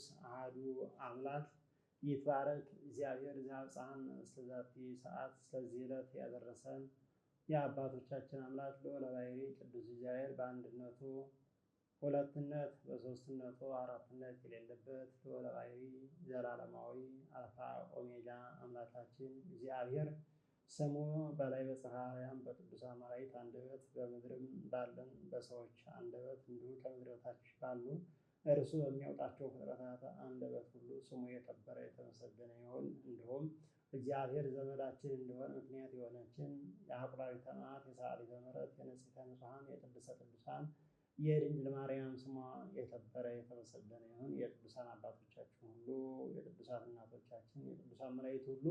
ቅዱስ አህዱ አምላክ ይትባረክ እግዚአብሔር ዘአብጽሐነ እስከዛቲ ሰዓት ስለዚህ ዕለት ያደረሰን የአባቶቻችን አምላክ ልዑለ ባሕርይ ቅዱስ እግዚአብሔር በአንድነቱ ሁለትነት በሶስትነቱ አራትነት የሌለበት ልዑለ ባሕርይ ዘላለማዊ አልፋ ኦሜጋ አምላካችን እግዚአብሔር ስሙ በላይ በፀሐያም በቅዱሳን መላእክት አንደበት በምድርም ባለን በሰዎች አንደበት እንዲሁ ከምድር በታች ባሉ እርሱ በሚያወጣቸው ፍጥረታት አንደበት ሁሉ ስሙ የከበረ የተመሰገነ ይሁን። እንዲሁም እግዚአብሔር ዘመዳችን እንዲሆን ምክንያት የሆነችን የአቁራዊተ መዓት የሰዓሊተ ምሕረት የንጽሕተ ንጹሐን የቅድስተ ቅዱሳን የድንግል ማርያም ስሟ የከበረ የተመሰገነ ይሁን። የቅዱሳን አባቶቻችን ሁሉ የቅዱሳን እናቶቻችን የቅዱሳን መላእክት ሁሉ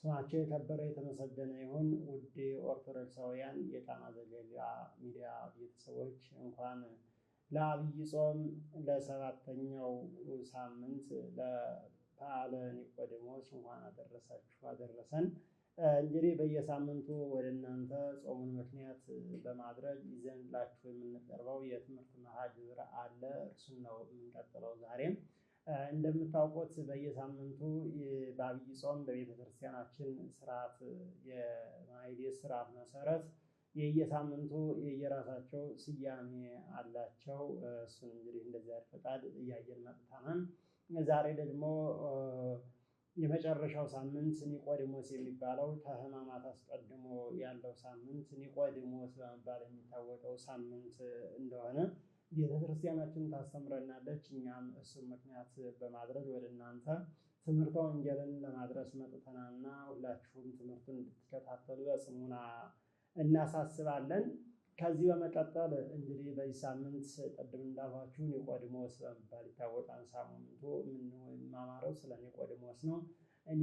ስማቸው የከበረ የተመሰገነ ይሁን። ውድ ኦርቶዶክሳውያን የጣና ዘገሊላ ሚዲያ ቤተሰቦች እንኳን ለአብይ ጾም ለሰባተኛው ሳምንት ለበዓለ ኒቆዲሞስ እንኳን አደረሳችሁ አደረሰን። እንግዲህ በየሳምንቱ ወደ እናንተ ጾሙን ምክንያት በማድረግ ይዘንላችሁ የምንቀርበው የትምህርት መርሃ ግብር አለ። እርሱን ነው የምንቀጥለው ዛሬም እንደምታውቁት በየሳምንቱ በአብይ ጾም በቤተክርስቲያናችን ስርዓት የማይዴስ ስርዓት መሰረት የየሳምንቱ የየራሳቸው ስያሜ አላቸው። እሱን እንግዲህ እንደዚያ ፈቃድ እያየን መጥተናል። ዛሬ ደግሞ የመጨረሻው ሳምንት ኒቆዲሞስ የሚባለው ከህማማት አስቀድሞ ያለው ሳምንት ኒቆዲሞስ በመባል የሚታወቀው ሳምንት እንደሆነ ቤተክርስቲያናችን ታስተምረናለች። እኛም እሱን ምክንያት በማድረግ ወደ እናንተ ትምህርተ ወንጌልን ለማድረስ መጥተናና ሁላችሁም ትምህርቱን እንድትከታተሉ በጽሙና እናሳስባለን። ከዚህ በመቀጠል እንግዲህ በዚህ ሳምንት ቅድም እንዳልኋችሁ ኒቆዲሞስ በመባል ይታወቃል። ሳምንቱ የምንማማረው ስለ ኒቆዲሞስ ነው።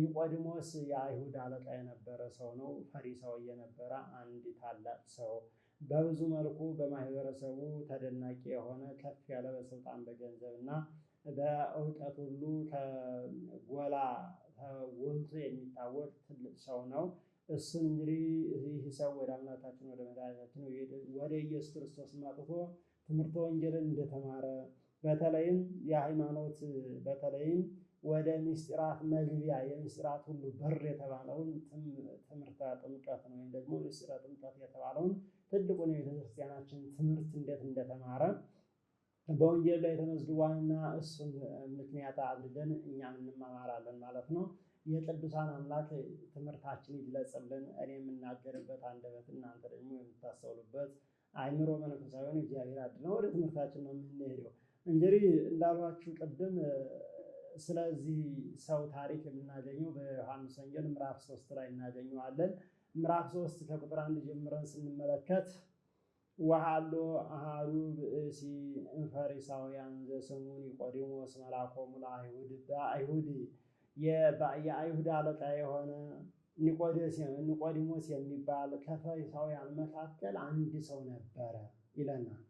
ኒቆዲሞስ የአይሁድ አለቃ የነበረ ሰው ነው። ፈሪሳዊ የነበረ አንድ ታላቅ ሰው፣ በብዙ መልኩ በማህበረሰቡ ተደናቂ የሆነ ከፍ ያለ በስልጣን በገንዘብ እና በእውቀት ሁሉ ከጎላ ተጎልቶ የሚታወቅ ትልቅ ሰው ነው። እሱን እንግዲህ ይህ ሰው ወደ አምላካችን ወደ መድኃኒታችን ወደ ኢየሱስ ክርስቶስ አጥቶ ትምህርተ ወንጌልን እንደተማረ በተለይም የሃይማኖት በተለይም ወደ ምስጢራት መግቢያ የምስጢራት ሁሉ በር የተባለውን ትምህርተ ነው ወይም ደግሞ ምስጢረ ጥምቀት የተባለውን ትልቁን የቤተክርስቲያናችን ትምህርት እንዴት እንደተማረ በወንጌል ላይ ተመዝግቧልና እሱን ምክንያት አድርገን እኛም እንማማራለን ማለት ነው። የቅዱሳን አምላክ ትምህርታችን ይግለጽልን። እኔ የምናገርበት አንደበት እናንተ ደግሞ የምታስተውሉበት አይምሮ መንፈሳዊውን እግዚአብሔር አድነው። ወደ ትምህርታችን ነው የምንሄደው። እንግዲህ እንዳሏችሁ ቅድም ስለዚህ ሰው ታሪክ የምናገኘው በዮሐንስ ወንጌል ምዕራፍ ሶስት ላይ እናገኘዋለን። ምዕራፍ ሶስት ከቁጥር አንድ ጀምረን ስንመለከት ወሀሎ አሃዱ ብእሲ ፈሪሳውያን ዘስሙ ኒቆዲሞስ መላኮሙ ለአይሁድ በአይሁድ የአይሁድ አለቃ የሆነ ኒቆዲሞስ የሚባል ከፈሪሳውያን መካከል አንድ ሰው ነበረ ይለናል።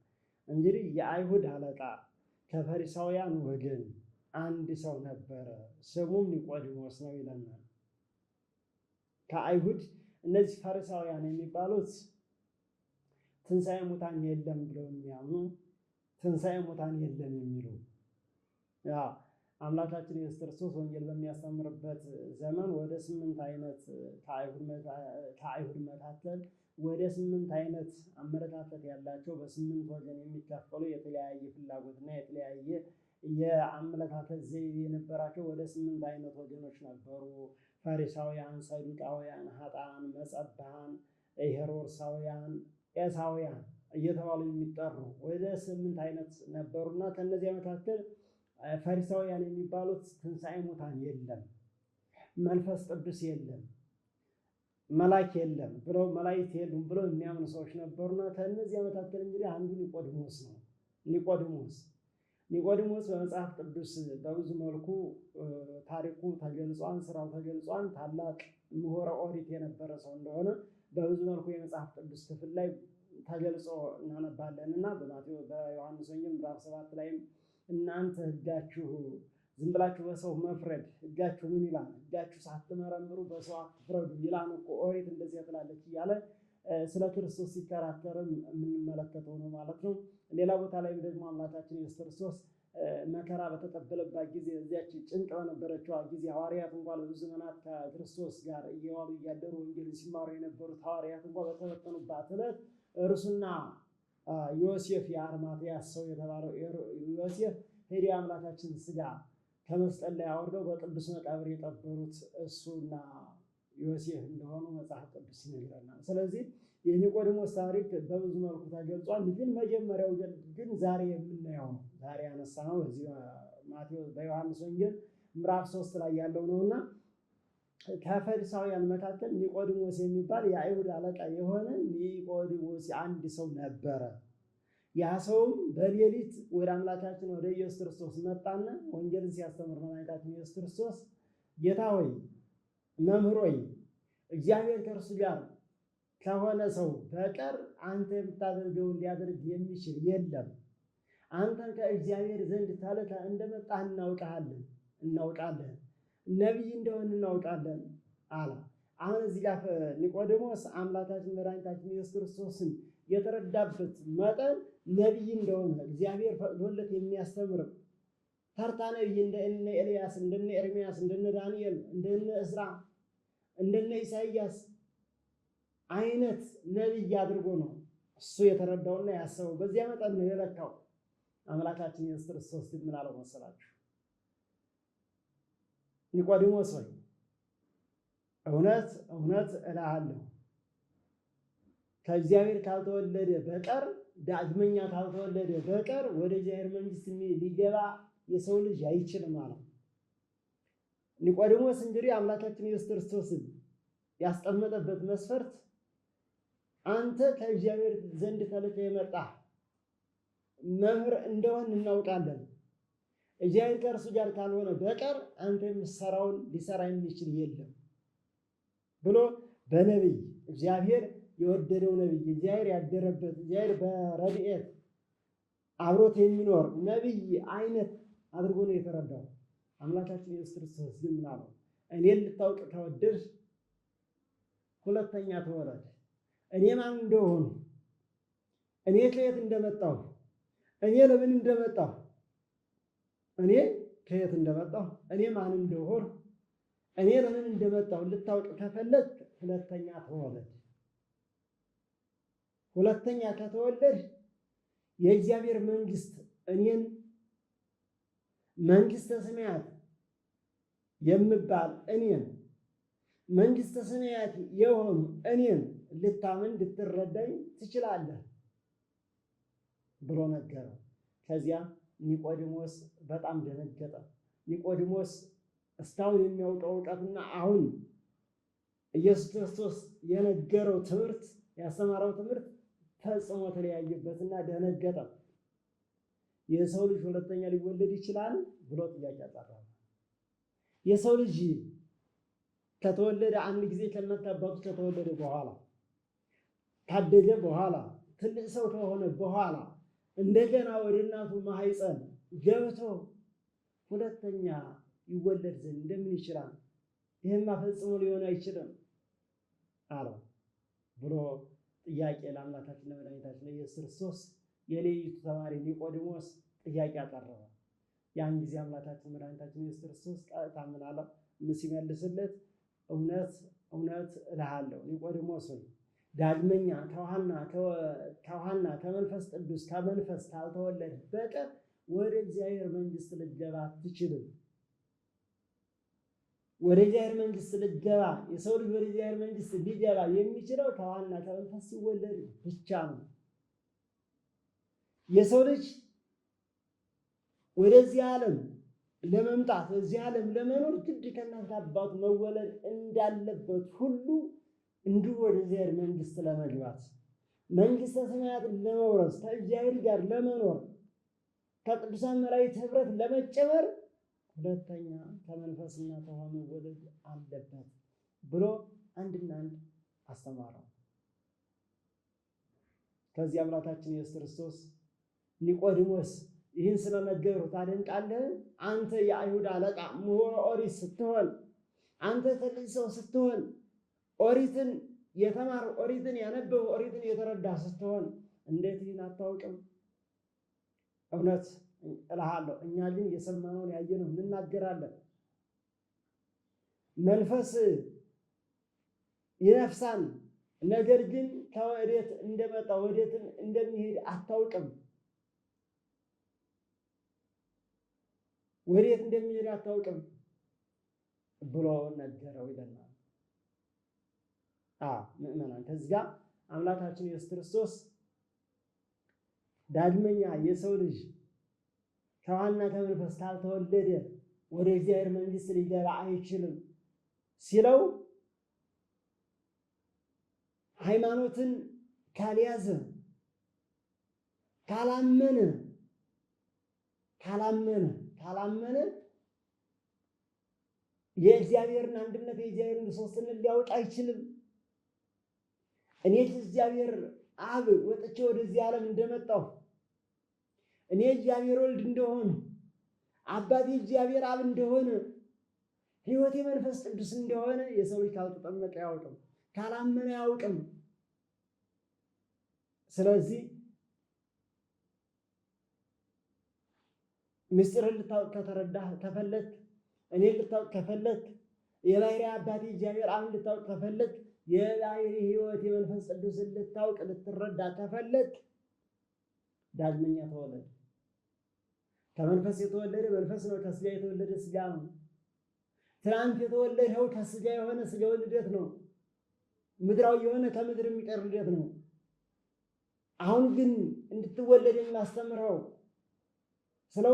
እንግዲህ የአይሁድ አለቃ ከፈሪሳውያን ወገን አንድ ሰው ነበረ፣ ስሙም ኒቆዲሞስ ነው ይለናል። ከአይሁድ እነዚህ ፈሪሳውያን የሚባሉት ትንሣኤ ሙታን የለም ብለው የሚያምኑ ትንሣኤ ሙታን የለም የሚሉ አምላካችን ኢየሱስ ክርስቶስ ወንጌል በሚያስተምርበት ዘመን ወደ ስምንት አይነት ከአይሁድ መካከል ወደ ስምንት አይነት አመለካከት ያላቸው በስምንት ወገን የሚከፈሉ የተለያየ ፍላጎትና የተለያየ የአመለካከት ዘይቤ የነበራቸው ወደ ስምንት አይነት ወገኖች ነበሩ። ፈሪሳውያን፣ ሰዱቃውያን፣ ሀጣን፣ መጸባን፣ ሄሮድሳውያን፣ ኤሳውያን እየተባሉ የሚጠሩ ወደ ስምንት አይነት ነበሩና ከእነዚያ መካከል ፈሪሳውያን የሚባሉት ትንሣኤ ሙታን የለም፣ መንፈስ ቅዱስ የለም፣ መላክ የለም ብለው መላእክት የሉም ብለው የሚያምኑ ሰዎች ነበሩና ከእነዚያ መካከል እንግዲህ አንዱ ኒቆድሞስ ነው። ኒቆድሞስ ኒቆድሞስ በመጽሐፍ ቅዱስ በብዙ መልኩ ታሪኩ ተገልጿን፣ ስራው ተገልጿን፣ ታላቅ ምሁረ ኦሪት የነበረ ሰው እንደሆነ በብዙ መልኩ የመጽሐፍ ቅዱስ ክፍል ላይ ተገልጾ እናነባለን እና በዮሐንስ ወንጌል ምዕራፍ ሰባት ላይም እናንተ ህጋችሁ ዝም ብላችሁ በሰው መፍረድ ህጋችሁ ምን ይላል? ህጋችሁ ሳትመረምሩ በሰው አትፍረዱ ይላል እኮ ኦሪት እንደዚያ ትላለች እያለ ስለ ክርስቶስ ሲከራከርም የምንመለከተው ነው ማለት ነው። ሌላ ቦታ ላይም ደግሞ አምላካችን ኢየሱስ ክርስቶስ መከራ በተቀበለባት ጊዜ እዚያች ጭንቅ በነበረችዋ ጊዜ ሐዋርያት እንኳ ለብዙ ዘመናት ከክርስቶስ ጋር እየዋሉ እያደሩ ወንጌል ሲማሩ የነበሩት ሐዋርያት እንኳ በተበተኑባት ዕለት እርሱና ዮሴፍ የአርማትያስ ሰው የተባለው ዮሴፍ ሄዲ አምላካችን ስጋ ከመስጠት ላይ አውርደው በቅዱስ መቃብር የጠበሩት እሱና ዮሴፍ እንደሆኑ መጽሐፍ ቅዱስ ይነግረናል። ስለዚህ የኒቆዲሞስ ታሪክ በብዙ መልኩ ተገልጿል። ግን መጀመሪያው ግን ዛሬ የምናየው ነው። ዛሬ ያነሳ ነው በዚህ ማቴዎስ በዮሐንስ ወንጌል ምዕራፍ ሶስት ላይ ያለው ነውና። እና ከፈሪሳውያን መካከል ኒቆዲሞስ የሚባል የአይሁድ አለቃ የሆነ ኒቆዲሞስ አንድ ሰው ነበረ። ያ ሰውም በሌሊት ወደ አምላካችን ወደ ኢየሱስ ክርስቶስ መጣና ወንጌልን ሲያስተምር መድኃኒታችን ኢየሱስ ክርስቶስ ጌታ ሆይ መምህር ሆይ እግዚአብሔር ከእርሱ ጋር ከሆነ ሰው በቀር አንተ የምታደርገውን ሊያደርግ የሚችል የለም። አንተ ከእግዚአብሔር ዘንድ ታለታ እንደመጣህ እናውቃለን እናውቃለን ነቢይ እንደሆን እናውቃለን አለ። አሁን እዚህ ጋር ኒቆዲሞስ አምላካችን መድኃኒታችን ኢየሱስ ክርስቶስን የተረዳበት መጠን ነቢይ እንደሆነ እግዚአብሔር ፈቅዶለት የሚያስተምር ተርታ ነቢይ እነ ኤልያስ፣ እንደነ ኤርሚያስ፣ እንደነ ዳንኤል፣ እስራ፣ እንደ እንደነ ኢሳይያስ አይነት ነቢይ አድርጎ ነው እሱ የተረዳውና ያሰበው። በዚያ መጠን ነው የለካው። አምላካችን ኢየሱስ ክርስቶስ ግን ምን አለው መሰላችሁ? ኒቆዲሞስ ሆይ እውነት እውነት እልሃለሁ ከእግዚአብሔር ካልተወለደ በቀር ዳግመኛ ካልተወለደ በቀር ወደ እግዚአብሔር መንግሥት ሊገባ የሰው ልጅ አይችልም አለ። ኒቆዲሞስ እንግዲህ አምላካችን ኢየሱስ ክርስቶስን ያስቀመጠበት መስፈርት አንተ ከእግዚአብሔር ዘንድ ተልከህ የመጣ መምህር እንደሆን እናውቃለን እግዚአብሔር ከእርሱ ጋር ካልሆነ በቀር አንተ የምትሰራውን ሊሰራ የሚችል የለም ብሎ በነቢይ እግዚአብሔር የወደደው ነቢይ እግዚአብሔር ያደረበት እግዚአብሔር በረድኤት አብሮት የሚኖር ነቢይ አይነት አድርጎ ነው የተረዳው። አምላካችን ኢየሱስ ክርስቶስ ግን ምን አለው? ልታውቅ ከወደድህ ሁለተኛ ተወለድ። እኔ ማን እንደሆኑ፣ እኔ ከየት እንደመጣሁ፣ እኔ ለምን እንደመጣሁ እኔ ከየት እንደመጣሁ እኔ ማን እንደሆር! እኔ ለምን እንደመጣሁ ልታውቅ ከፈለግ ሁለተኛ ተወለድ። ሁለተኛ ከተወለድ የእግዚአብሔር መንግስት እኔን መንግስተ ሰማያት የምባል እኔን መንግስተ ሰማያት የሆኑ እኔን ልታምን ልትረዳኝ ትችላለህ ብሎ ነገረው። ከዚያ ኒቆዲሞስ በጣም ደነገጠ። ኒቆዲሞስ እስካሁን የሚያውቀው እውቀትና አሁን ኢየሱስ ክርስቶስ የነገረው ትምህርት ያስተማረው ትምህርት ፈጽሞ ተለያየበትና ደነገጠ። የሰው ልጅ ሁለተኛ ሊወለድ ይችላል ብሎ ጥያቄ አጠራ። የሰው ልጅ ከተወለደ አንድ ጊዜ ከእናት አባቱ ከተወለደ በኋላ ካደገ በኋላ ትልቅ ሰው ከሆነ በኋላ እንደገና ወደ እናቱ ማህፀን ገብቶ ሁለተኛ ይወለድ ዘንድ እንደምን ይችላል? ይህማ ፈጽሞ ሊሆን አይችልም አለ ብሎ ጥያቄ ለአምላካችን ለመድኃኒታችን ለኢየሱስ ክርስቶስ የሌሊቱ ተማሪ ኒቆዲሞስ ጥያቄ አቀረበ። ያን ጊዜ አምላካችን መድኃኒታችን ኢየሱስ ክርስቶስ ቀጥታ ምን አለ ሲመልስለት፣ እውነት እውነት እልሃለሁ ኒቆዲሞስ ሆይ ዳግመኛ ተውሃና ከመንፈስ ቅዱስ ከመንፈስ ካልተወለድ በቀር ወደ እግዚአብሔር መንግስት ልገባ አትችልም። ወደ እግዚአብሔር መንግስት ልገባ የሰው ልጅ ወደ እግዚአብሔር መንግስት ሊገባ የሚችለው ከዋና ከመንፈስ ሲወለድ ብቻ ነው። የሰው ልጅ ወደዚህ ዓለም ለመምጣት እዚህ ዓለም ለመኖር ግድ ከእናት አባቱ መወለድ እንዳለበት ሁሉ እንዲሁ ወደ እግዚአብሔር መንግስት ለመግባት መንግስተ ሰማያትን ለመውረስ ከእግዚአብሔር ጋር ለመኖር ከቅዱሳን መላእክት ኅብረት ለመጨመር ሁለተኛ ከመንፈስና ከውኃ መወለድ አለበት ብሎ አንድና አንድ አስተማረው። ከዚህ አምላካችን ኢየሱስ ክርስቶስ ኒቆዲሞስ ይህን ስለነገሩ ታደንቃለህ? አንተ የአይሁድ አለቃ ምሁረ ኦሪት ስትሆን፣ አንተ ትልቅ ሰው ስትሆን ኦሪትን የተማረ ኦሪትን ያነበበ ኦሪትን የተረዳ ስትሆን እንዴት ይህን አታውቅም? እውነት እልሃለሁ፣ እኛ ግን የሰማነውን ያየነው እንናገራለን። መንፈስ ይነፍሳን ነገር ግን ከወዴት እንደመጣ ወዴትም እንደሚሄድ አታውቅም። ወዴት እንደሚሄድ አታውቅም ብሎ ነገረው ይለናል። ምእመናን ከዚህ ጋር አምላካችን ኢየሱስ ክርስቶስ ዳግመኛ የሰው ልጅ ከዋና ከመንፈስ ካልተወለደ ወደ እግዚአብሔር መንግስት ሊገባ አይችልም ሲለው ሃይማኖትን ካልያዘ ካላመነ ካላመነ ካላመነ የእግዚአብሔርን አንድነት የእግዚአብሔርን ሦስትነት ሊያውቅ አይችልም። እኔ እግዚአብሔር አብ ወጥቼ ወደዚህ ዓለም እንደመጣሁ እኔ እግዚአብሔር ወልድ እንደሆን አባቴ እግዚአብሔር አብ እንደሆነ ሕይወቴ መንፈስ ቅዱስ እንደሆነ የሰው ልጅ ካልተጠመቀ አያውቅም፣ ካላመነ አያውቅም። ስለዚህ ምስጢርን ልታውቅ ከተረዳህ ከፈለክ እኔ ልታውቅ ከፈለክ የባሕርይ አባቴ እግዚአብሔር አብ ልታውቅ ከፈለክ የባሕርይ ህይወት የመንፈስ ቅዱስ ልታውቅ ልትረዳ ከፈለግ ዳግመኛ ተወለድ። ከመንፈስ የተወለደ መንፈስ ነው፣ ከስጋ የተወለደ ስጋ ነው። ትናንት የተወለደው ከስጋ የሆነ ስጋዊ ልደት ነው። ምድራዊ የሆነ ከምድር የሚቀር ልደት ነው። አሁን ግን እንድትወለድ የሚያስተምረው ስለ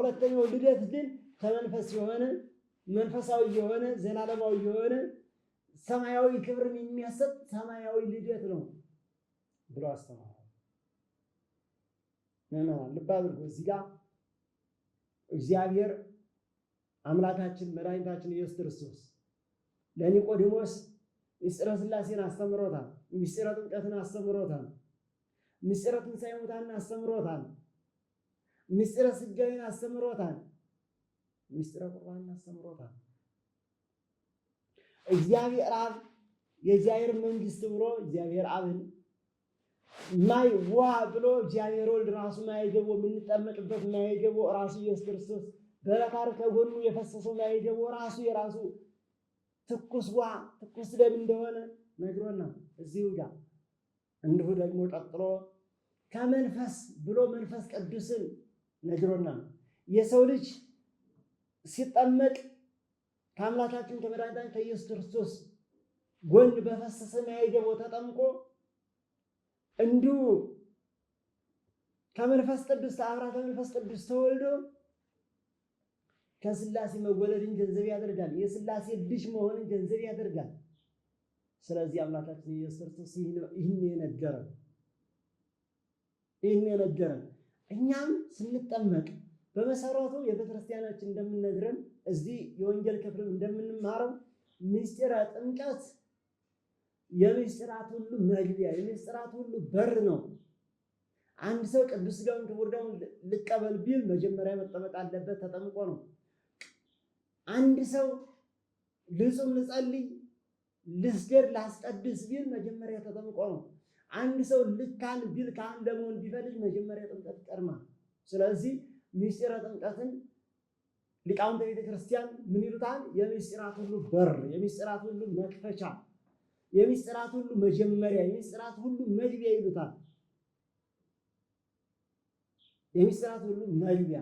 ሁለተኛው ልደት ግን ከመንፈስ የሆነ መንፈሳዊ የሆነ ዘላለማዊ የሆነ ሰማያዊ ክብርን የሚያሰጥ ሰማያዊ ልደት ነው ብሎ አስተማረ። ምዕመናን ልብ አድርጎ እዚህ ጋር እግዚአብሔር አምላካችን መድኃኒታችን ኢየሱስ ክርስቶስ ለኒቆዲሞስ ምስጢረ ሥላሴን አስተምሮታል። ምስጢረ ጥምቀትን አስተምሮታል። ምስጢረ ትንሣኤ ሙታንን አስተምሮታል። ምስጢረ ሥጋዌን አስተምሮታል። ምስጢረ ቁርባንን አስተምሮታል። እግዚአብሔር አብ የእግዚአብሔር መንግስት ብሎ እግዚአብሔር አብን ማይ ዋ ብሎ እግዚአብሔር ወልድ ራሱ ማይገቦ የምንጠመቅበት ማይገቦ ራሱ ኢየሱስ ክርስቶስ በበታር ከጎኑ የፈሰሰው ማይገቦ ራሱ የራሱ ትኩስ ዋ ትኩስ ደም እንደሆነ ነግሮና እዚሁ ጋር እንዲሁ ደግሞ ቀጥሎ ከመንፈስ ብሎ መንፈስ ቅዱስን ነግሮና የሰው ልጅ ሲጠመቅ ከአምላካችን ከመድኃኒታችን ከኢየሱስ ክርስቶስ ጎን በፈሰሰ ማየ ደሙ ተጠምቆ እንዲሁ ከመንፈስ ቅዱስ ተአብራ ከመንፈስ ቅዱስ ተወልዶ ከስላሴ መወለድን ገንዘብ ያደርጋል። የስላሴ ልጅ መሆንን ገንዘብ ያደርጋል። ስለዚህ አምላካችን ኢየሱስ ክርስቶስ ይህን የነገረ ይህን የነገረ እኛም ስንጠመቅ በመሰረቱ የቤተክርስቲያናችን እንደምንነግረን እዚህ የወንጌል ክፍልም እንደምንማረው ምስጢረ ጥምቀት የምስጢራት ሁሉ መግቢያ የምስጢራት ሁሉ በር ነው። አንድ ሰው ቅዱስ ሥጋውን ክቡር ደሙን ልቀበል ቢል መጀመሪያ መጠመቅ አለበት፣ ተጠምቆ ነው። አንድ ሰው ልጹም ልጸልይ፣ ልስገድ፣ ላስቀድስ ቢል መጀመሪያ ተጠምቆ ነው። አንድ ሰው ልካል ቢል ካህን ለመሆን ቢፈልግ መጀመሪያ ጥምቀት ቀድማ ስለዚህ ምስጢረ ጥምቀትን ሊቃውንተ ቤተ ክርስቲያን ምን ይሉታል? የምስጢራት ሁሉ በር፣ የምስጢራት ሁሉ መክፈቻ፣ የምስጢራት ሁሉ መጀመሪያ፣ የምስጢራት ሁሉ መግቢያ ይሉታል። የምስጢራት ሁሉ መግቢያ።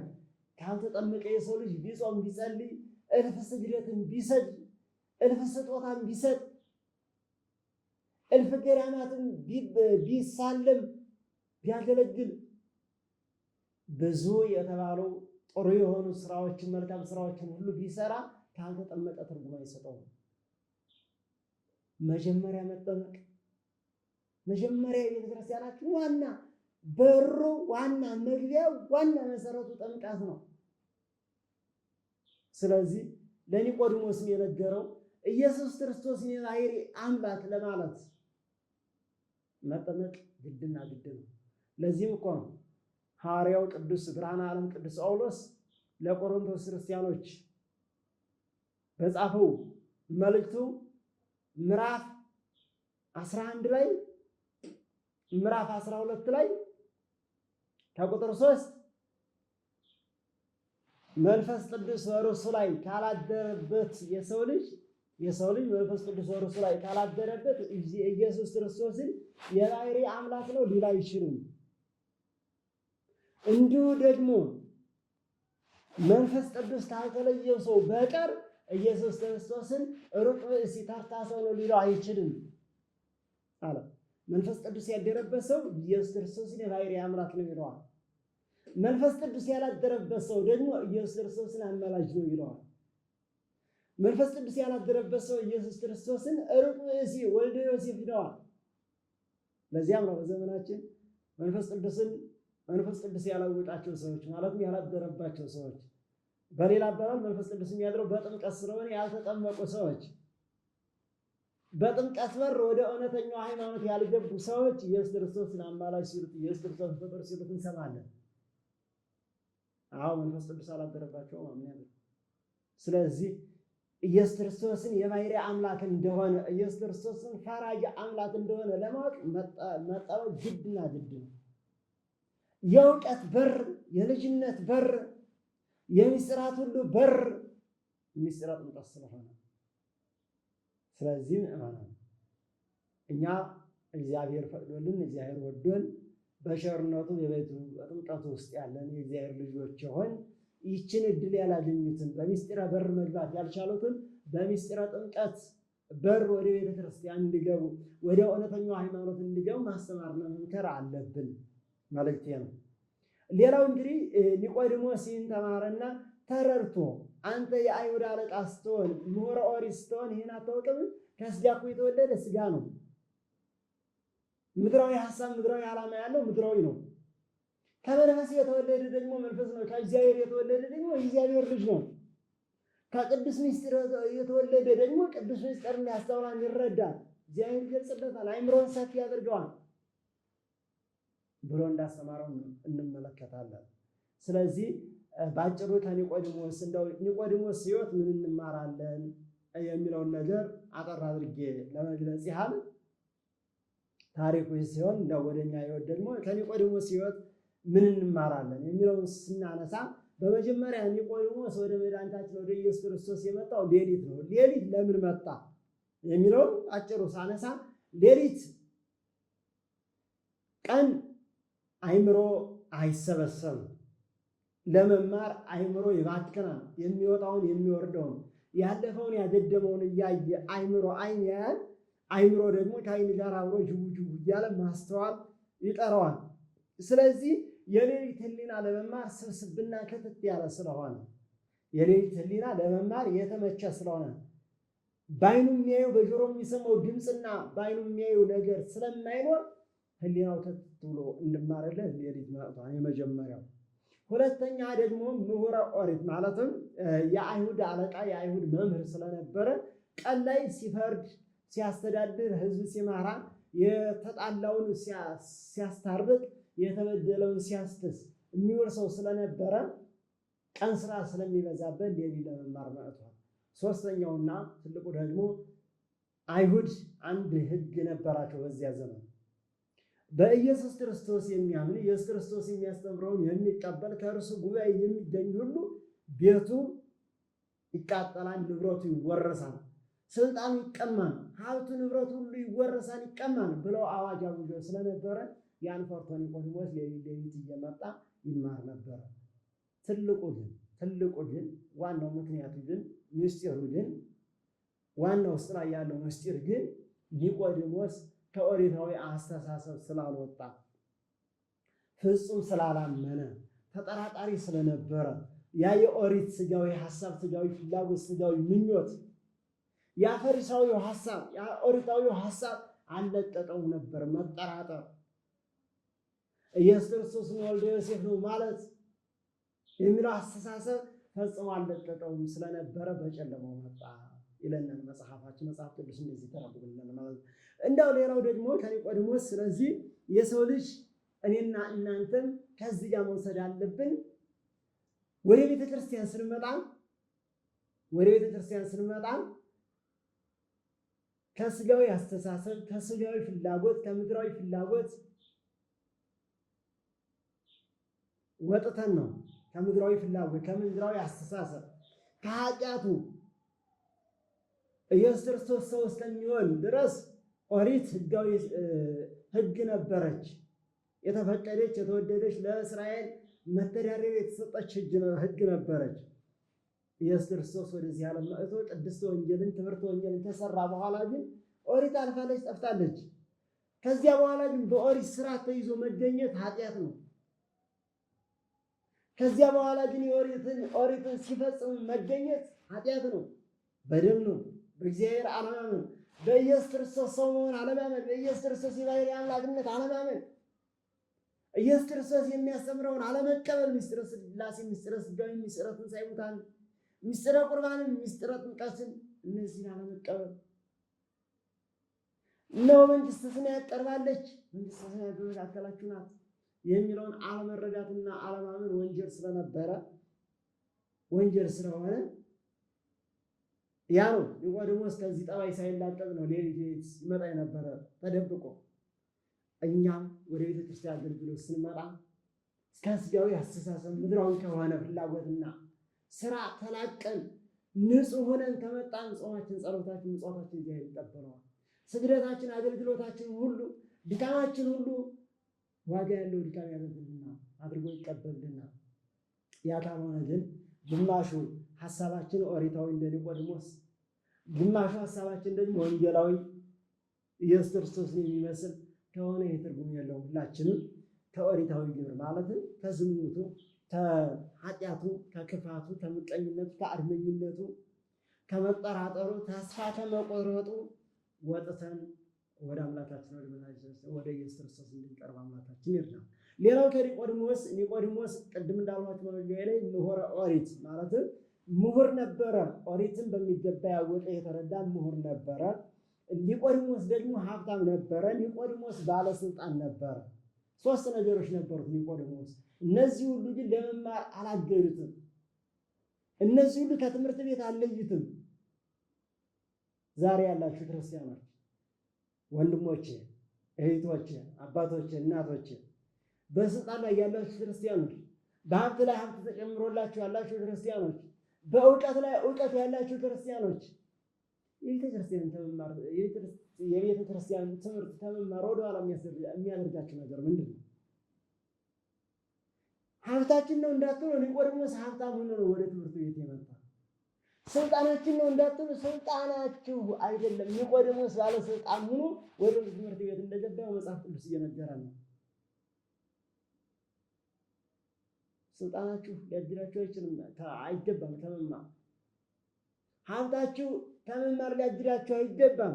ካልተጠመቀ የሰው ልጅ ቢጾም ቢጸልይ፣ እልፍ ስግደትን ቢሰድ፣ እልፍ ስጦታን ቢሰጥ፣ እልፍ ገዳማትን ቢሳለም፣ ቢያገለግል ብዙ የተባለው ጥሩ የሆኑ ስራዎችን መልካም ስራዎችን ሁሉ ቢሰራ ካልተጠመቀ ትርጉም አይሰጠውም። መጀመሪያ መጠመቅ፣ መጀመሪያ የቤተክርስቲያናችን ዋና በሩ፣ ዋና መግቢያው፣ ዋና መሰረቱ ጥምቀት ነው። ስለዚህ ለኒቆዲሞስም የነገረው ኢየሱስ ክርስቶስን የባይሪ አምላክ ለማለት መጠመቅ ግድና ግድ ነው። ለዚህም እኮ ነው ሐዋርያው ቅዱስ ብርሃነ ዓለም ቅዱስ ጳውሎስ ለቆሮንቶስ ክርስቲያኖች በጻፈው መልእክቱ ምዕራፍ 11 ላይ ምዕራፍ 12 ላይ ከቁጥር 3 መንፈስ ቅዱስ በእርሱ ላይ ካላደረበት የሰው ልጅ የሰው ልጅ መንፈስ ቅዱስ ወርሱ ላይ ካላደረበት ኢየሱስ ክርስቶስን የባሕርይ አምላክ ነው ሊል አይችልም። እንዲሁ ደግሞ መንፈስ ቅዱስ ካልተለየው ሰው በቀር ኢየሱስ ክርስቶስን ሩቅ ብእሲ ተርታ ሰው ነው ሊለው አይችልም አለ። መንፈስ ቅዱስ ያደረበት ሰው ኢየሱስ ክርስቶስን የባሕርይ አምላክ ነው ይለዋል። መንፈስ ቅዱስ ያላደረበት ሰው ደግሞ ኢየሱስ ክርስቶስን አመላጅ ነው ይለዋል። መንፈስ ቅዱስ ያላደረበት ሰው ኢየሱስ ክርስቶስን ሩቅ ብእሲ ወልደ ዮሴፍ ይለዋል። ለዚያም ነው በዘመናችን መንፈስ ቅዱስን መንፈስ ቅዱስ ያላወጣቸው ሰዎች ማለትም ያላደረባቸው ሰዎች፣ በሌላ አባባል መንፈስ ቅዱስ የሚያድረው በጥምቀት ስለሆነ ያልተጠመቁ ሰዎች፣ በጥምቀት በር ወደ እውነተኛው ሃይማኖት ያልገቡ ሰዎች ኢየሱስ ክርስቶስን አማላጅ ሲሉት፣ ኢየሱስ ክርስቶስን ፍጡር ሲሉት እንሰማለን። አዎ መንፈስ ቅዱስ አላደረባቸው ማምንያ። ስለዚህ ኢየሱስ ክርስቶስን የባህሪ አምላክ እንደሆነ ኢየሱስ ክርስቶስን ፈራጅ አምላክ እንደሆነ ለማወቅ መጣው ግድና ግድ ነው። የእውቀት በር፣ የልጅነት በር፣ የሚስጥራት ሁሉ በር የሚስጥራ ጥምቀት ስለሆነ ስለዚህ እኛ እግዚአብሔር ፈቅዶልን እግዚአብሔር ወዶን በሸርነቱ የቤቱ በጥምቀቱ ውስጥ ያለን የእግዚአብሔር ልጆች ሆን ይችን እድል ያላገኙትን በሚስጢረ በር መግባት ያልቻሉትን በሚስጢረ ጥምቀት በር ወደ ቤተክርስቲያን እንዲገቡ ወደ እውነተኛው ሃይማኖት እንዲገቡ ማስተማርና መምከር አለብን። መልእክቴ ነው። ሌላው እንግዲህ ኒቆዲሞስ ይህን ተማረና ተረድቶ አንተ የአይሁድ አለቃ ስትሆን ምሁረ ኦሪት ስትሆን ይህን አታውቅም? ከስጋ እኮ የተወለደ ስጋ ነው። ምድራዊ ሀሳብ፣ ምድራዊ ዓላማ ያለው ምድራዊ ነው። ከመንፈስ የተወለደ ደግሞ መንፈስ ነው። ከእግዚአብሔር የተወለደ ደግሞ የእግዚአብሔር ልጅ ነው። ከቅዱስ ምስጢር የተወለደ ደግሞ ቅዱስ ምስጢር የሚያስተውላል፣ ይረዳል። እግዚአብሔር ይገልጽለታል፣ አይምሮን ሰፊ ያደርገዋል። ብሎ እንዳስተማረው እንመለከታለን። ስለዚህ በአጭሩ ከኒቆዲሞስ እንደው ኒቆዲሞስ ሕይወት ምን እንማራለን የሚለውን ነገር አጠር አድርጌ ለመግለጽ ያህል ታሪኩ ሲሆን እንደ ወደኛ ሕይወት ደግሞ ከኒቆዲሞስ ሕይወት ምን እንማራለን የሚለውን ስናነሳ በመጀመሪያ ኒቆዲሞስ ወደ መድኃኒታችን ወደ ኢየሱስ ክርስቶስ የመጣው ሌሊት ነው። ሌሊት ለምን መጣ የሚለውን አጭሩ ሳነሳ ሌሊት ቀን አይምሮ አይሰበሰብም። ለመማር አይምሮ ይባክናል። የሚወጣውን የሚወርደውን ያለፈውን ያገደመውን እያየ አይምሮ አይን ያያል። አይምሮ ደግሞ ከአይን ጋር አብሮ ጅቡ ጅቡ እያለ ማስተዋል ይጠራዋል። ስለዚህ የሌሊት ህሊና ለመማር ስብስብና ክትት ያለ ስለሆነ የሌሊት ህሊና ለመማር የተመቸ ስለሆነ በአይኑ የሚያዩ በጆሮ የሚሰማው ድምፅና በአይኑ የሚያዩ ነገር ስለማይኖር ህሊናው ተት ብሎ ሌሊት መጥቷን የመጀመሪያው። ሁለተኛ ደግሞ ምሁረ ኦሪት ማለትም የአይሁድ አለቃ የአይሁድ መምህር ስለነበረ ቀን ላይ ሲፈርድ ሲያስተዳድር ህዝብ ሲመራ የተጣላውን ሲያስታርቅ የተበደለውን ሲያስትስ የሚውል ሰው ስለነበረ ቀን ስራ ስለሚበዛበት ሌሊት ለመማር መጥቷል። ሶስተኛውና ትልቁ ደግሞ አይሁድ አንድ ህግ ነበራቸው በዚያ ዘመን በኢየሱስ ክርስቶስ የሚያምን ኢየሱስ ክርስቶስ የሚያስተምረውን የሚቀበል ከእርሱ ጉባኤ የሚገኝ ሁሉ ቤቱ ይቃጠላል፣ ንብረቱ ይወረሳል፣ ስልጣኑ ይቀማል፣ ሀብቱ ንብረቱ ሁሉ ይወረሳል፣ ይቀማል ብለው አዋጅ አውጀው ስለነበረ ያን ፈርቶ ኒቆዲሞስ ሌሊት እየመጣ ይማር ነበረ። ትልቁ ግን ትልቁ ግን ዋናው ምክንያቱ ግን ምስጢሩ ግን ዋናው ስራ ያለው ምስጢር ግን ኒቆዲሞስ ከኦሪታዊ አስተሳሰብ ስላልወጣ ፍጹም ስላላመነ ተጠራጣሪ ስለነበረ ያ የኦሪት ስጋዊ ሀሳብ፣ ስጋዊ ፍላጎት፣ ስጋዊ ምኞት ያ ሀሳብ፣ ያ ሀሳብ አለቀቀው ነበር። መጠራጠር ኢየሱስ ክርስቶስን ወልደ ዮሴፍ ነው ማለት የሚለው አስተሳሰብ ፈጽሞ አለቀቀውም ስለነበረ በጨለማው መጣ። ይለናል መጽሐፋችን። መጽሐፍ ቅዱስ እንደዚህ ተናግሮልናል ማለት ነው። እንደው ሌላው ደግሞ ከኒቆዲሞስ ስለዚህ የሰው ልጅ እኔና እናንተም ከዚህ ጋር መውሰድ አለብን። ወደ ክርስቲያን ስንመጣ ወደ ክርስቲያን ስንመጣ ከስጋዊ አስተሳሰብ፣ ከስጋዊ ፍላጎት፣ ከምድራዊ ፍላጎት ወጥተን ነው ከምድራዊ ፍላጎት ከምድራዊ አስተሳሰብ ከኃጢአቱ ኢየሱስ ክርስቶስ ሰው እስከሚሆን ድረስ ኦሪት ህጋዊ ህግ ነበረች። የተፈቀደች የተወደደች፣ ለእስራኤል መተዳደሪያ የተሰጠች ህግ ነበረች። ኢየሱስ ክርስቶስ ወደዚህ ዓለም መጥቶ ቅድስት ወንጌልን ትምህርት ወንጌልን ተሰራ በኋላ ግን ኦሪት አልፋለች፣ ጠፍታለች። ከዚያ በኋላ ግን በኦሪት ስርዓት ተይዞ መገኘት ኃጢአት ነው። ከዚያ በኋላ ግን የኦሪትን ኦሪትን ሲፈጽሙ መገኘት ኃጢአት ነው፣ በደል ነው። በእግዚአብሔር አለማመን፣ በኢየሱስ ክርስቶስ ሰው መሆን አለማመን፣ በኢየሱስ ክርስቶስ የባህሪ አምላክነት አለማመን፣ ኢየሱስ ክርስቶስ የሚያስተምረውን አለመቀበል፣ ምስጢረ ስላሴ፣ ሚስጥረ ስጋዊ፣ ሚስጥረ ትንሣኤ ሙታን፣ ሚስጥረ ቁርባንን፣ ሚስጥረ ጥምቀትን፣ እነዚህን አለመቀበል ነው። መንግሥተ ሰማያት ቀርባለች፣ መንግሥተ ሰማያት በመካከላችሁ ናት የሚለውን አለመረዳትና አለማመን ወንጀል ስለነበረ ወንጀል ስለሆነ ያ ነው ኒቆዲሞ እስከዚህ ጠባይ ሳይላቀቅ ነው ሌሊት ይመጣ የነበረ ተደብቆ። እኛም ወደ ቤተ ክርስቲያን አገልግሎት ስንመጣ እስከ ስጋዊ አስተሳሰብ ምድራዊ ከሆነ ፍላጎትና ስራ ተላቀን ንጹህ ሆነን ከመጣን ጾማችን፣ ጸሎታችን፣ ምጽዋታችን እዚያ ይቀበለዋል። ስግደታችን፣ አገልግሎታችን ሁሉ ድካማችን ሁሉ ዋጋ ያለው ድካም ያደርግልና አድርጎ ይቀበልና ያ ካልሆነ ግን ግማሹ ሀሳባችን ኦሪታዊ እንደ ኒቆዲሞስ ግማሹ ሀሳባችን ደግሞ ወንጌላዊ ኢየሱስ ክርስቶስን የሚመስል ከሆነ ይህ ትርጉም የለውም። ሁላችንም ከኦሪታዊ ግብር ማለትም ከዝሙቱ፣ ከኃጢአቱ፣ ከክፋቱ፣ ከምቀኝነቱ፣ ከአድመኝነቱ፣ ከመጠራጠሩ፣ ተስፋ ከመቆረጡ ወጥተን ወደ አምላካችን ወደ መድኃኒታችን ወደ ኢየሱስ ክርስቶስ እንድንቀርብ አምላካችን ይርዳል። ሌላው ከኒቆዲሞስ ኒቆዲሞስ ቅድም እንዳልኋቸው መመገበያ ላይ ምሁረ ኦሪት ማለትም ምሁር ነበረ። ኦሪትን በሚገባ ያወቀ የተረዳ ምሁር ነበረ። ኒቆዲሞስ ደግሞ ሀብታም ነበረ። ኒቆዲሞስ ባለስልጣን ነበረ። ሶስት ነገሮች ነበሩት ኒቆዲሞስ። እነዚህ ሁሉ ግን ለመማር አላገዱትም። እነዚህ ሁሉ ከትምህርት ቤት አለዩትም ዛሬ ያላችሁ ክርስቲያኖች፣ ወንድሞቼ፣ እህቶቼ፣ አባቶቼ፣ እናቶቼ በስልጣን ላይ ያላችሁ ክርስቲያኖች፣ በሀብት ላይ ሀብት ተጨምሮላችሁ ያላችሁ ክርስቲያኖች በእውቀት ላይ እውቀት ያላችሁ ክርስቲያኖች የቤተ ክርስቲያን ትምህርት ወደ ወደኋላ የሚያደርጋቸው ነገር ምንድን ነው? ሀብታችን ነው እንዳትሉ ኒቆዲሞስ ሀብታም ሆኖ ነው ወደ ትምህርት ቤት የመጣ። ስልጣናችን ነው እንዳትሉ ስልጣናችሁ አይደለም። ኒቆዲሞስ ባለስልጣን ሆኖ ወደ ትምህርት ቤት እንደገባ መጽሐፍ ቅዱስ እየነገረ ነው። ስልጣናችሁ ሊያድናችሁ አይችልም፣ አይገባም። ተመማር ሀብታችሁ ተመማር ሊያድናችሁ አይገባም።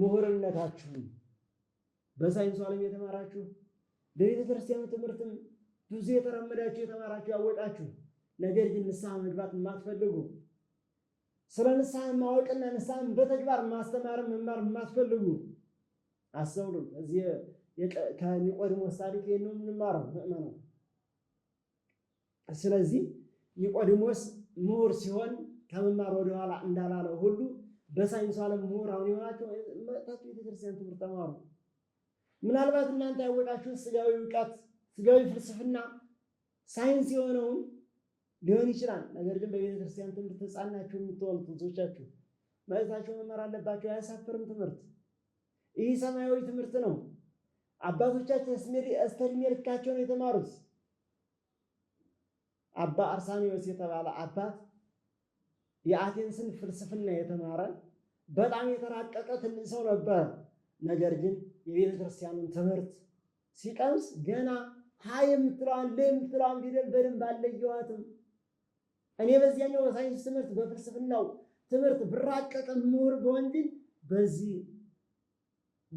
ምሁርነታችሁን በሳይንሱ ዓለም የተማራችሁ በቤተ ክርስቲያኑ ትምህርትም ብዙ የተረመዳችሁ የተማራችሁ ያወቃችሁ፣ ነገር ግን ንስሐ መግባት የማትፈልጉ ስለ ንስሐ ማወቅና ንስሐን በተግባር ማስተማር መማር የማትፈልጉ አስተውሉ። እዚህ ከኒቆዲሞስ ታሪክ ይሄን ነው የምንማረው ስለዚህ ኒቆዲሞስ ምሁር ሲሆን ከመማር ወደኋላ እንዳላለው ሁሉ በሳይንሱ ዓለም ምሁር አሁን የሆናቸው መጥታችሁ ቤተክርስቲያን ትምህርት ተማሩ። ምናልባት እናንተ ያወቃችሁን ስጋዊ እውቀት፣ ስጋዊ ፍልስፍና፣ ሳይንስ የሆነውን ሊሆን ይችላል። ነገር ግን በቤተክርስቲያን ትምህርት ህፃናችሁ የምትወሉት ልጆቻችሁ መጥታችሁ መማር አለባቸው። አያሳፍርም ትምህርት ይህ ሰማያዊ ትምህርት ነው። አባቶቻችን ስሜሪ ዕድሜ ልካቸው ነው የተማሩት። አባ አርሳኒዮስ የተባለ አባት የአቴንስን ፍልስፍና የተማረ በጣም የተራቀቀ ትልቅ ሰው ነበር። ነገር ግን የቤተ ክርስቲያኑን ትምህርት ሲቀምስ ገና ሀ የምትለዋን ለ የምትለዋን ፊደል በደንብ አለየዋትም። እኔ በዚያኛው በሳይንስ ትምህርት በፍልስፍናው ትምህርት ብራቀቀ ምሁር በወንድ በዚህ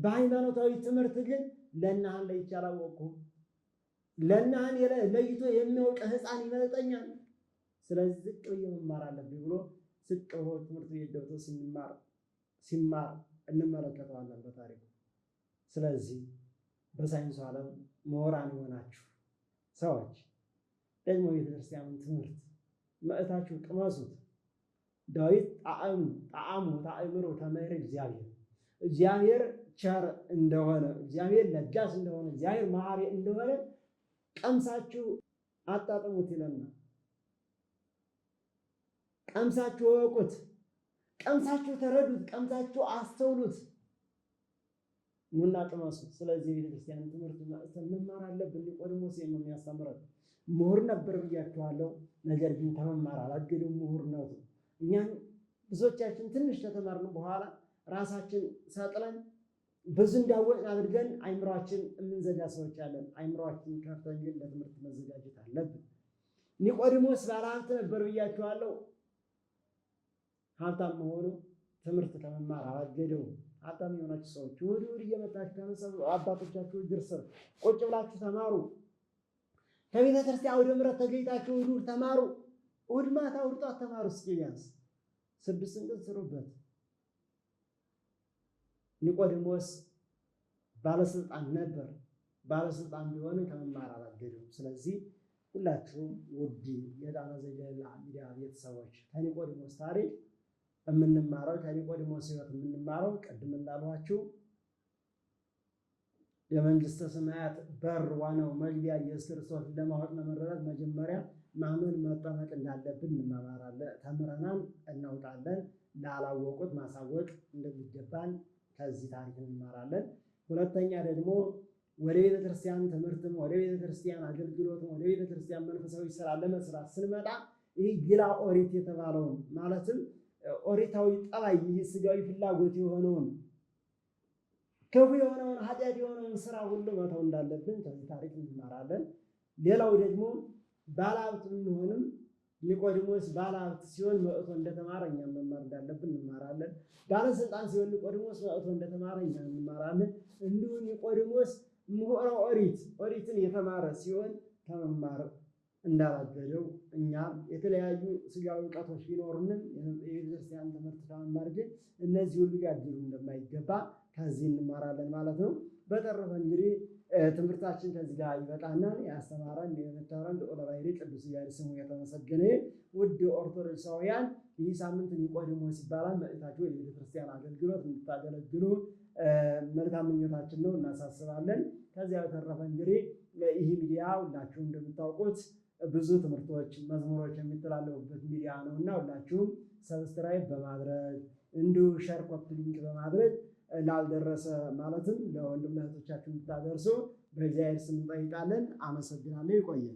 በሃይማኖታዊ ትምህርት ግን ለእናህን ለይቼ አላወቅሁም። ለእናህን ለይቶ የሚያውቅ ህፃን ይበልጠኛል። ስለዚህ ዝቅ ብዬ መማር አለብኝ ብሎ ዝቅ ብሎ ትምህርት ቤት ገብቶ ሲማር ሲማር እንመለከተዋለን በታሪኩ። ስለዚህ በሳይንሱ ዓለም ምሁራን የሆናችሁ ሰዎች ደግሞ ቤተክርስቲያኑን ትምህርት መእታችሁ ቅመሱት። ዳዊት ጣዕሙ ጣዕሙ ታእምሮ ተመይረ እግዚአብሔር እግዚአብሔር ቸር እንደሆነ እግዚአብሔር ለጋስ እንደሆነ እግዚአብሔር መሐሪ እንደሆነ ቀምሳችሁ አጣጥሙት ይለናል። ቀምሳችሁ እወቁት፣ ቀምሳችሁ ተረዱት፣ ቀምሳችሁ አስተውሉት። ኑና ቅመሱ። ስለዚህ የቤተክርስቲያን ትምህርት መማር አለብን። ኒቆዲሞስ የሚያስተምረን ምሁር ነበር ብያችኋለሁ። ነገር ግን ከመማር ምሁር ነው። እኛም ብዙዎቻችን ትንሽ ከተማርን በኋላ ራሳችን ሰጥለን ብዙ እንዳወቅን አድርገን አይምሯችን የምንዘጋ ሰዎች አለን። አይምሯችን ከፍተን ግን ለትምህርት መዘጋጀት አለብን። ኒቆዲሞስ ባለሀብት ነበር ብያችኋለሁ። ሀብታም መሆኑ ትምህርት ከመማር አገደው ሀብታም የሆናችሁ ሰዎች ወዲህ ወዲህ እየመጣችሁ ከመሰብ አባቶቻችሁ እግር ስር ቁጭ ብላችሁ ተማሩ። ከቤተ ክርስቲያን አውደ ምሕረት ተገኝታችሁ እሑድ ተማሩ። እሑድ ማታ እሑድ ጧት ተማሩ። እስኪ ቢያንስ ስድስት እንቅን ስሩበት። ኒቆዲሞስ ባለስልጣን ነበር። ባለስልጣን ቢሆን ከመማር አላገደም። ስለዚህ ሁላችሁም ውድ የጣና ዘገላ ሚዲያ ቤተሰቦች ከኒቆዲሞስ ታሪክ የምንማረው ከኒቆዲሞስ ሕይወት የምንማረው ቅድም እንዳልኋችሁ የመንግስተ ሰማያት በር ዋናው መግቢያ ኢየሱስ ክርስቶስ ለማወቅ ለመረዳት መጀመሪያ ማመን መጠመቅ እንዳለብን እንማማራለን። ተምረናል፣ እናውጣለን። ላላወቁት ማሳወቅ እንደሚገባን ከዚህ ታሪክ እንማራለን። ሁለተኛ ደግሞ ወደ ቤተክርስቲያን ትምህርትም ወደ ቤተክርስቲያን አገልግሎትም ወደ ቤተክርስቲያን መንፈሳዊ ስራ ለመስራት ስንመጣ ይህ ጊላ ኦሪት የተባለውን ማለትም ኦሪታዊ ጠባይ ይህ ስጋዊ ፍላጎት የሆነውን ክፉ የሆነውን ኃጢአት የሆነውን ስራ ሁሉ መተው እንዳለብን ከዚህ ታሪክ እንማራለን። ሌላው ደግሞ ባለሀብት ብንሆንም ኒቆዲሞስ ባለሀብት ሲሆን መጥቶ እንደተማረ እኛ መማር እንዳለብን እንማራለን። ባለስልጣን ሲሆን ኒቆዲሞስ መጥቶ እንደተማረ እኛ እንማራለን። እንዲሁ ኒቆዲሞስ ምሁረ ኦሪት ኦሪትን የተማረ ሲሆን ከመማር እንዳላገደው እኛ የተለያዩ ስጋዊ እውቀቶች ቢኖሩንም የቤተክርስቲያን ትምህርት ከመማር ግን እነዚህ ሁሉ ሊያግዱ እንደማይገባ ከዚህ እንማራለን ማለት ነው። በተረፈ እንግዲህ ትምህርታችን ከዚህ ጋር ይበቃናል። ያስተማረን የምታረን ለኦለባይሪ ቅዱስ እያለ ስሙ የተመሰገነ ውድ ኦርቶዶክሳውያን ይህ ሳምንት ኒቆዲሞስ ይባላል። መልእክታችሁ የቤተ ክርስቲያን አገልግሎት እንድታገለግሉ መልካም ምኞታችን ነው፣ እናሳስባለን። ከዚያ በተረፈ እንግዲህ ይህ ሚዲያ ሁላችሁ እንደምታውቁት ብዙ ትምህርቶች፣ መዝሙሮች የሚተላለፉበት ሚዲያ ነው እና ሁላችሁም ሰብስክራይብ በማድረግ እንዲሁ ሸር ኮፒ ሊንክ በማድረግ ላልደረሰ ማለትም ለወንድም ለእህቶቻችን እንድታደርሱ በእግዚአብሔር ስም እንጠይቃለን። አመሰግናለሁ። ይቆየን።